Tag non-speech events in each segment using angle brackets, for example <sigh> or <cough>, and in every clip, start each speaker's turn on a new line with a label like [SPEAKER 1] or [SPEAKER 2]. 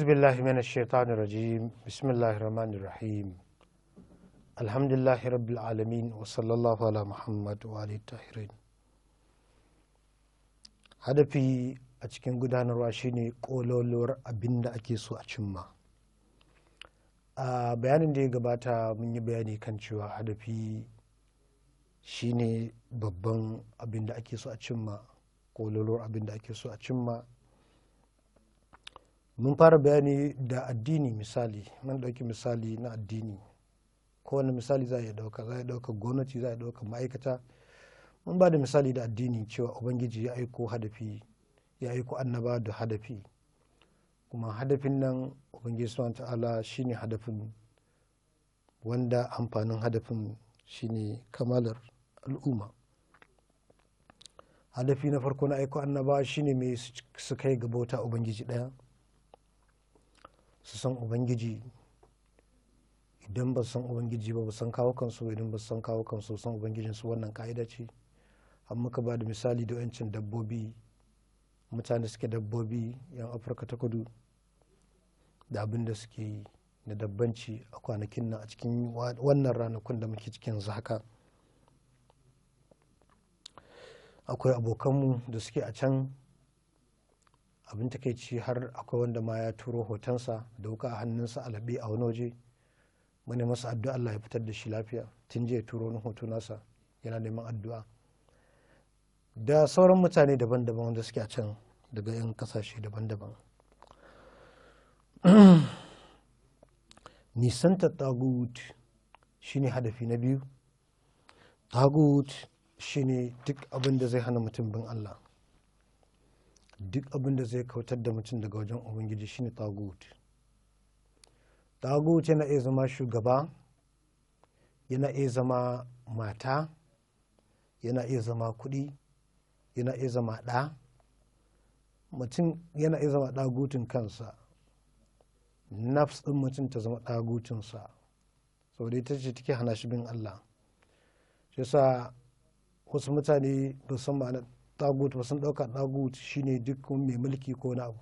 [SPEAKER 1] أعوذ بالله من الشيطان الرجيم بسم الله الرحمن الرحيم الحمد hadafi a cikin gudanarwa shine kololuwar abinda ake so a cimma a bayanin da ya gabata mun yi bayani kan cewa hadafi shine babban abin da ake so a cimma kololuwar abin ake so a cimma mun fara bayani da addini misali mun ɗauki misali na addini kowane misali za a ɗauka za a ɗauka gwamnati za a ɗauka ma'aikata mun ba da misali da addini cewa ubangiji ya aiko hadafi ya aiko annaba da hadafi kuma hadafin nan ubangiji suna ta'ala shine hadafin wanda amfanin hadafin shine kamalar al'umma hadafi na farko na aiko annaba shine mai su kai ga bauta ubangiji ɗaya su san ubangiji idan ba san ubangiji ba ba san kawo kansu idan ba san kawo kansu san ubangijin su wannan ka'ida ce an muka ba da misali da yancin dabbobi mutane suke dabbobi yan afirka ta kudu da abin da suke yi na dabbanci a kwanakin nan a cikin wannan ranakun da muke cikin haka akwai abokanmu da suke a can abin takaici har akwai wanda ma ya turo hotonsa da wuka a hannunsa alabi a wani waje muna masa addu'a Allah ya fitar da shi lafiya tun jiya turo wani hoto nasa yana neman addu'a da sauran mutane daban-daban wanda suke a can daga 'yan kasashe daban-daban <clears throat> nisanta tagut shine hadafi na biyu tagut shine duk abin da zai hana mutum bin Allah duk abin da zai kautar da mutum daga wajen ubangiji shine tagut tagut yana iya zama shugaba yana iya zama mata yana iya zama kuɗi yana iya zama ɗa mutum yana iya zama ɗagutun kansa nafs ɗin mutum ta zama ɗagutunsa saboda ita ce take hana shi bin Allah shi yasa wasu mutane ba san ma'anar ɗagut ba sun ɗauka ɗagut shine duk mai mulki ko na abu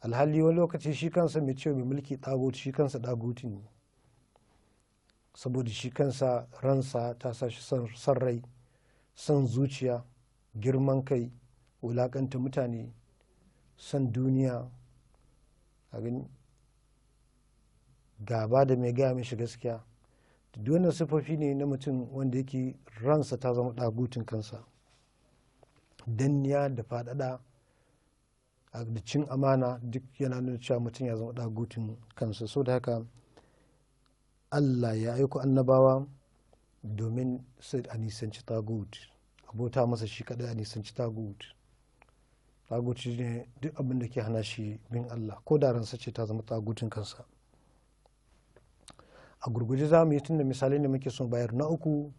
[SPEAKER 1] alhali wani lokaci shi kansa mai cewa mai mulki ɗagut shi kansa ɗaguti ne saboda shi kansa ransa ta sa shi san rai san zuciya girman kai wulaƙanta mutane san duniya gani gaba da mai gaya mishi gaskiya duk wannan siffofi ne na mutum wanda yake ransa ta zama ɗagutun kansa danniya da faɗaɗa da cin amana duk yana nuna cewa mutum ya zama ɗagutun kansa so da haka allah ya aiko annabawa domin su a nisanci tagut abota masa shi kaɗai a nisanci tagut ne duk abin da ke hana shi bin allah ko da ransa ce ta zama tagutin kansa a gurguje za mu yi tunda misalai da muke son bayar na uku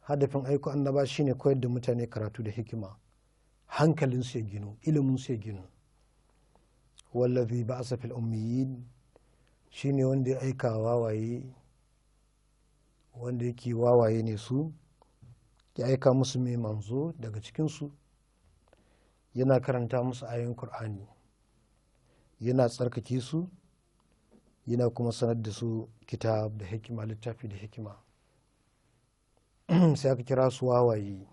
[SPEAKER 1] hadafin aiko annaba shine koyar da mutane karatu da hikima hankalinsu ya ginu iliminsu ya ginu Wallafi ba fil ummiyin shi ne wanda ya aika wawaye wanda yake wawaye ne su ya aika musu mai manzo daga cikinsu yana karanta musu ayoyin kur'ani yana tsarkake su yana kuma sanar da su kitab da hikima littafi da hikima <clears throat> sai aka kira su wawaye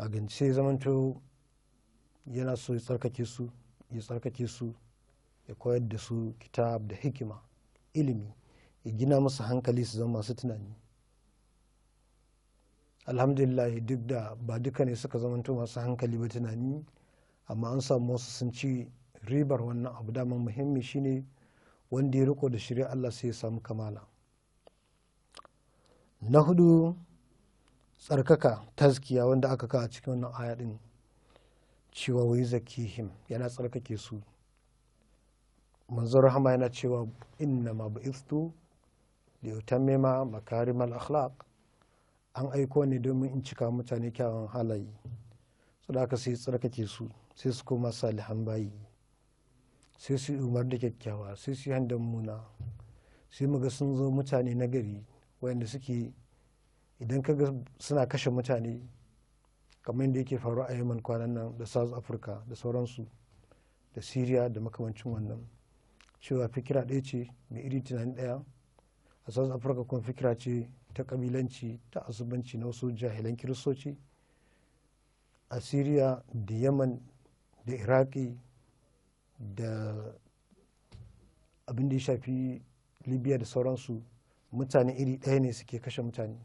[SPEAKER 1] a gance zamanto yana so ya tsarkake su ya tsarkake su ya koyar da su kitab da hikima ilimi ya gina musu hankali su zama masu tunani alhamdulillah duk da ba duka ne suka zamanto masu hankali ba tunani amma an samu wasu sun ci ribar wannan abu dama muhimmi shine wanda ya riko da shirya Allah sai ya samu kamala na hudu tsarkaka taskiya wanda aka kawo cikin wannan aya din cewa wai zakihim yana tsarkake su manzon rahama yana cewa inna ma bu'istu li utammima makarimal akhlaq an aiko ne domin in cika mutane kyawun halaye su da aka sai tsarkake su sai su koma salihan bayi sai su umar da kyakkyawa sai su yi handan muna sai mu ga sun zo mutane nagari wayanda suke idan ka ga suna kashe mutane kamar yadda yake faru a yaman kwanan nan da south africa da sauransu da syria da makamancin wannan cewa fikira ɗaya ce mai iri tunani ɗaya a south africa kuma fikira ce ta kabilanci ta asubanci na wasu jahilan kiristoci a syria da yaman da iraqi da abin da ya shafi libya da sauransu mutane iri ɗaya ne suke kashe mutane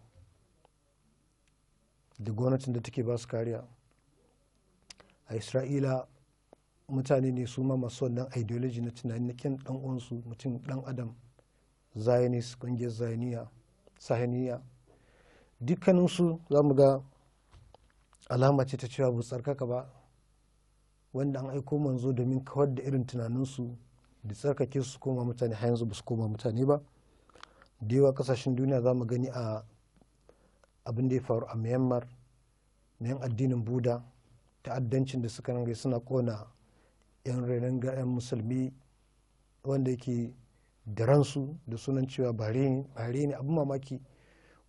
[SPEAKER 1] da gwamnatin da take ba su kariya a isra'ila mutane ne su ma masu wannan ideology na tunani na kyan dan uwansu mutum dan adam zionist kungiyar zioniya sahaniya dukkaninsu za mu ga alama ce ta cewa ba tsarkaka ba wanda an aiko manzo domin kawar da irin tunaninsu da tsarkake su koma mutane har yanzu ba su koma mutane ba da yawa kasashen duniya za mu gani a abin da ya faru a myanmar na yan addinin buda ta'addancin da suka rangai suna kona yan renon ga yan musulmi wanda yake da ransu da sunan cewa bare ne abin mamaki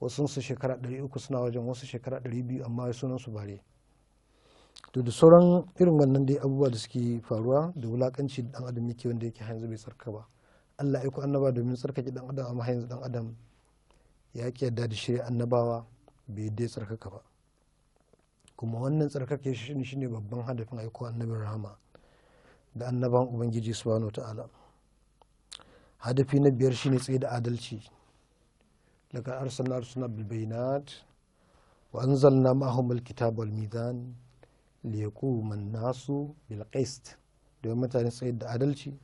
[SPEAKER 1] wasu su shekara 300 suna wajen wasu shekara 200 amma sunan su bare to da sauran irin wannan dai abubuwa da suke faruwa da wulakanci da dan adam yake wanda yake hanzu bai tsarka ba Allah ya ku annaba domin tsarkake dan adam amma yanzu dan adam ya ki yarda da shirya annabawa bai dai tsarkaka ba kuma wannan tsarkake shi ne babban hadafin aiko annabin rahama da annaban ubangiji subhanahu ta'ala hadafi na biyar shine tsaye da adalci daga arsenal suna bilbainat wa anzalna ma'ahum alkitab wal mizan li yaquma an-nasu bil qist domin mutane tsaye da adalci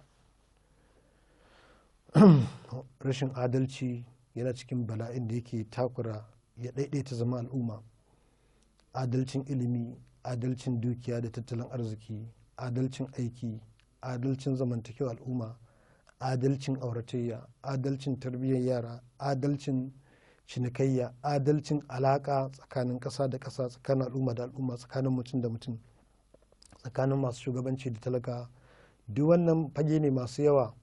[SPEAKER 1] <clears throat> rashin adalci yana cikin bala'in da yake takura ya daidaita zama al'umma adalcin ilimi adalcin dukiya da tattalin arziki adalcin aiki adalcin zamantakewa al'umma adalcin auratayya adalcin tarbiyyar yara adalcin cinikayya adalcin alaƙa tsakanin ƙasa da ƙasa tsakanin al'umma da al'umma tsakanin mutum da mutum tsakanin masu shugabanci da talaka duk wannan fage ne masu yawa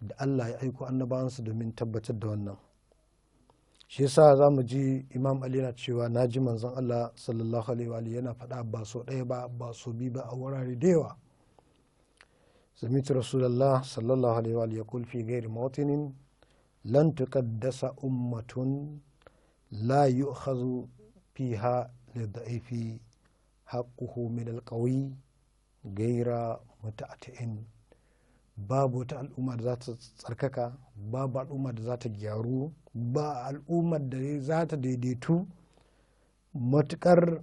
[SPEAKER 1] da allah ya aiko annabawansu domin tabbatar da wannan shi yasa za mu ji imam ali na cewa na ji manzon allah sallallahu alaihi wa yana faɗa ba so ɗaya ba ba so bi ba a wurare da yawa zamit rasulullah sallallahu alaihi wa ya kulfi gairi mawtinin lan tuqaddasa ummatun la yu'khadhu fiha lidha'ifi haqquhu min alqawi gaira muta'atin babu wata al'umma da za ta tsarkaka babu al'umma da za ta gyaru ba al'ummar da za ta daidaitu matukar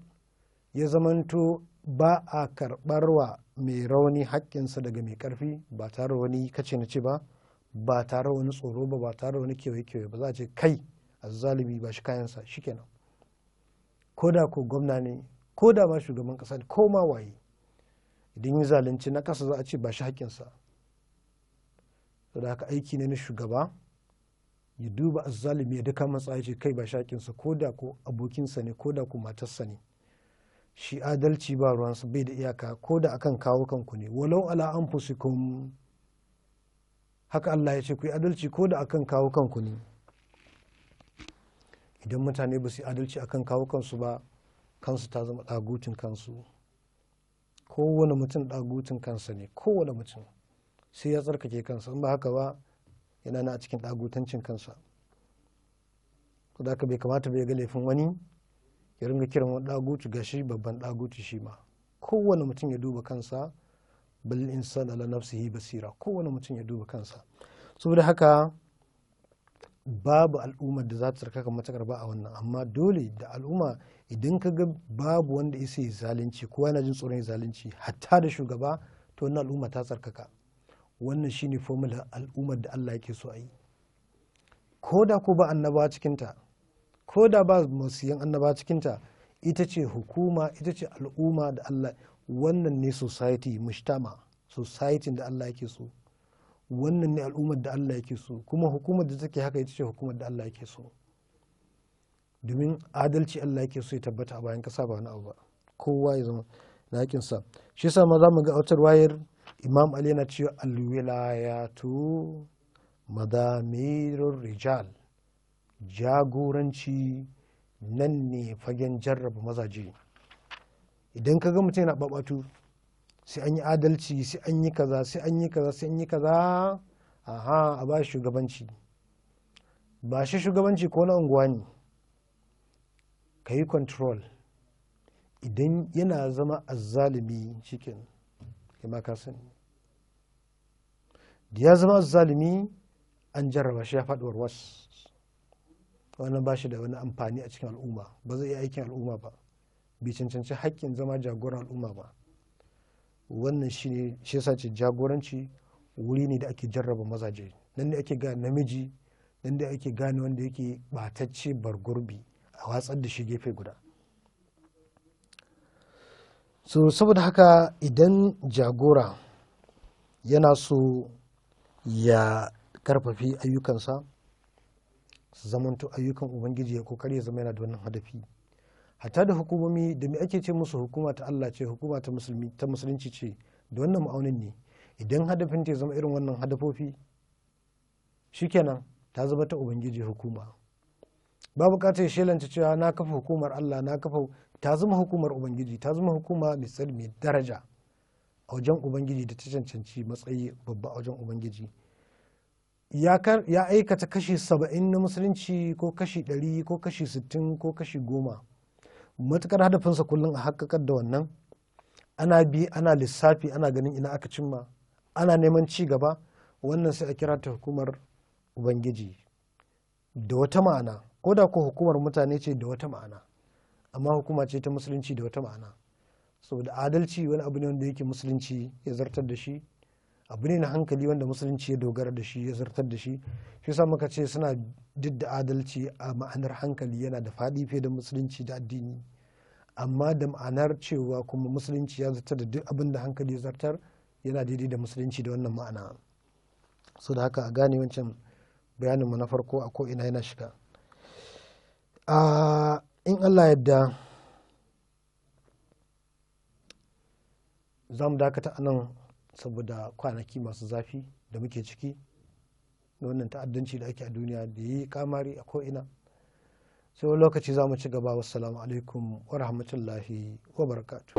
[SPEAKER 1] ya zamanto ba a karɓar wa mai rauni haƙƙinsa daga mai ƙarfi ba tare wani kace na ce ba ba tare wani tsoro ba ba tare wani kewaye-kewaye ba za a ce kai a zalibi ba shi kayansa shikenan ko da ko gwamna ne ko da ma shugaban ƙasa ne ko ma waye idan yi zalunci na ƙasa za a ce ba shi haƙƙinsa saboda haka aiki ne na shugaba ya duba azzalimi ya duka matsayi ce kai ba shakinsa ko da ko abokinsa ne ko da ko matarsa ne shi adalci ba ruwansa bai da iyaka ko da akan kawo kanku ne walau ala anfusikum haka Allah ya ce ku yi adalci ko da akan kawo kanku ne idan mutane ba su yi adalci akan kawo kansu ba kansu ta zama dagutin kansu kowane mutum dagutin kansa ne kowane mutum sai ya tsarkake kansa in ba haka ba yana na a cikin ɗagutancin kansa to da bai kamata bai ga laifin wani ya ringa kiran wani ɗagutu ga shi babban ɗagutu shi ma kowane mutum ya duba kansa bal insan ala nafsihi basira kowane mutum ya duba kansa saboda haka babu al'ummar da za ta tsarkaka matakar ba a wannan amma dole da al'umma idan ka ga babu wanda isa ya zalunci kowa yana jin tsoron ya zalunci hatta da shugaba to wannan al'umma ta tsarkaka wannan shine formula al'ummar da Allah yake so a yi ko da ko ba annaba cikinta ko da ba masu annaba cikinta ita ce hukuma ita ce al'umma da Allah wannan ne society mushtama society da Allah yake so wannan ne al'ummar da Allah yake so kuma hukumar da take haka ita ce hukumar da Allah yake so domin adalci Allah yake so ya tabbata a bayan kasa ba wani abu ba kowa ya zama na hakinsa shi yasa ma za mu ga autar wayar imam ali yana cewa alwilayatu madamirur rijal jagoranci nan ne fagen jarraba mazaje idan ka ga mutum yana babatu sai an yi adalci sai an yi kaza sai an yi kaza sai an yi kaza aha a ba shugabanci ba shi shugabanci ko na unguwa ne ka yi control idan yana zama azzalumi shikin ya ma ka sani da ya zama zalimi an jarraba shi ya faɗuwar warwas wannan ba shi da wani amfani a cikin al'umma ba zai iya aikin al'umma ba bai cancanci haƙƙin zama jagoran al'umma ba wannan shi ne shi yasa ce jagoranci wuri ne da ake jarraba mazaje nan ne ake gane namiji nan da ake gane wanda yake ɓatacce gurbi. a watsar da shi gefe guda so saboda haka idan jagora yana so ya karfafi ayyukansa su zamanto ayyukan ubangiji ya kokari ya zama yana da wannan hadafi hatta da hukumomi da me ake ce musu hukuma ta Allah ce hukuma ta musulunci ce da wannan ma'aunin ne idan hadafin ta zama irin wannan hadafofi shikenan ta zama ta ubangiji hukuma ba bukatar shelanta cewa na kafa hukumar Allah na kafa ta zama hukumar ubangiji ta zama hukuma mai tsari mai daraja a wajen ubangiji da ta cancanci matsayi babba a wajen ubangiji ya aikata kashi saba'in na musulunci ko kashi ɗari ko kashi sittin ko kashi goma matukar hadafinsa kullum a haƙaƙar da wannan ana bi ana lissafi ana ganin ina aka cimma ana neman ci gaba wannan sai a kira ta hukumar ubangiji da wata ma'ana ko da ko hukumar mutane ce da wata ma'ana amma hukuma ce ta musulunci da wata ma'ana saboda adalci wani abu ne wanda yake musulunci ya zartar da shi abu ne na hankali wanda musulunci ya dogara da shi ya zartar da shi shi sa muka ce suna duk adalci a ma'anar hankali yana da faɗi fiye da musulunci da addini amma da ma'anar cewa kuma musulunci ya zartar da duk abin da hankali ya zartar yana daidai da musulunci da wannan ma'ana so da haka a gane wancan bayaninmu na farko a ko ina yana shiga ah, in allah yadda za mu dakata a nan saboda kwanaki masu zafi da muke ciki da wannan ta'addanci da ake a duniya da yi kamari a ko'ina sai wani lokaci za mu ci gaba wasu alaikum wa rahmatullahi wa barakatu.